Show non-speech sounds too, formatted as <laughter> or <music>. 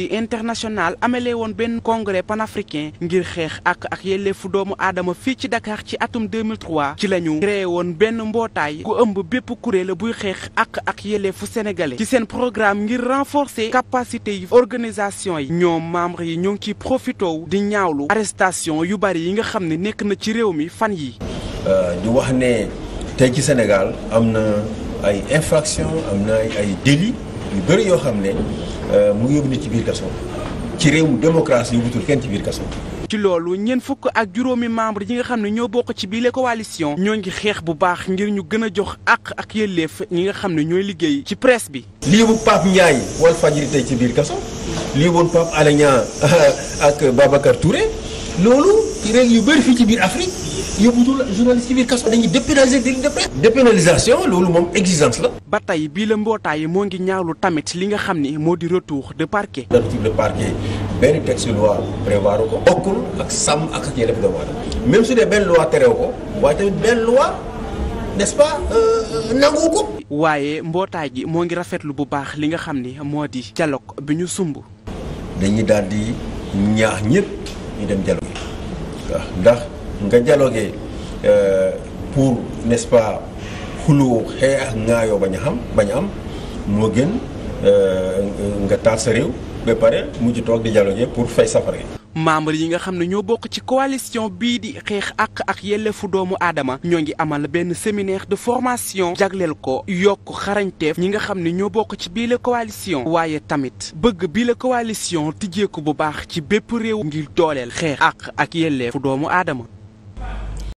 Amnesty International woon benn congrès panafricain ngir xeex ak ak fu doomu aadama fii ci Dakar ci atum 2003 ci la ñu créé woon benn mbootaay ku ëmb bépp kuréel buy xeex ak ak fu sénégalais ci seen programme ngir renforcer capacité yi organisation yi ñoom membres yi ñoo ngi ciy profitow di ñaawlu arrestation yu bari yi nga xam ne nekk na ci réew mi fan yi euh, di wax ne tey ci Sénégal am na ay infraction am na ay délit yu bëri yoo xam ne euh, mu ngi yóbbu nit ci biir kaso ci réewu démocratie yóbbutul kenn ci biir kaso. ci loolu ñeent fukk ak juróomi membre yi nga xam ne ñoo bokk ci biile coalition. ñoo ngi xeex bu baax ngir ñu gën a jox àq ak yelleef ñi nga xam ne ñooy liggéey. ci presse bi. lii bu Pape Ndiaye wal fajiri tey ci biir kaso lii woon Pape Alé <laughs> ak Babacar Touré loolu réew yu bëri fii ci biir Afrique. yóbbu journaliste ci biir kaso dañuy dépénaliser délit dépénalisation loolu moom exigence la. ba tey bii la mbootaay yi moo ngi ñaawlu tamit li nga xam ni moo di retour de parquet. retour de parquet benn texte loi prévoir ko. bokkul ak sàmm ak ak yelleef doomu aadama même su dee benn loi terew ko waaye tamit benn loi n'est-ce pas euh, nangu ko. waaye mbootaay gi moo ngi rafetlu bu baax li nga xam ni moo di dialogue bi ñu sumb. dañuy daal di ñaax ñëpp ñu dem dialogue waaw ndax. nga dialogué euh, pour n'est-ce pas xuloo xee ak bañ a xam bañ am moo gën euh, nga taal sa réew ba pare mujj toog di dialogué pour fay safara yi yi nga xam ne ñoo bokk ci coalition bii di xeex àq ak yelleefu doomu aadama ñoo ngi amal benn séminaire de formation jagleel ko yokk xarañteef ñi nga xam ne ñoo bokk ci bii la coalition waaye tamit bëgg bii la coalition tijjeeku bu baax ci bépp réew ngir dooleel xeex àq ak yelleefu doomu aadama